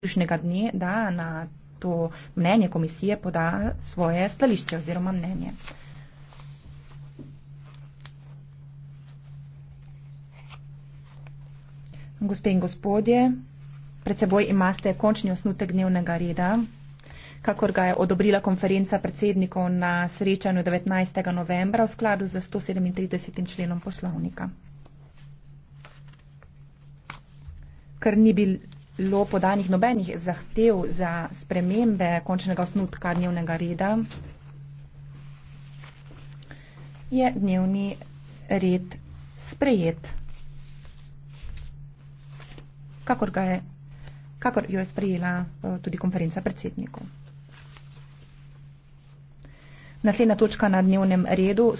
prejšnjega dne, da na to mnenje komisije poda svoje stališče oziroma mnenje. Gospe in gospodje, pred seboj imate končni osnutek dnevnega reda, kakor ga je odobrila konferenca predsednikov na srečanju 19. novembra v skladu z 137. členom poslovnika. Ker ni bil bilo podanih nobenih zahtev za spremembe končnega osnutka dnevnega reda, je dnevni red sprejet, kakor, je, kakor jo je sprejela eh, tudi konferenca predsednikov. Naslednja točka na dnevnem redu.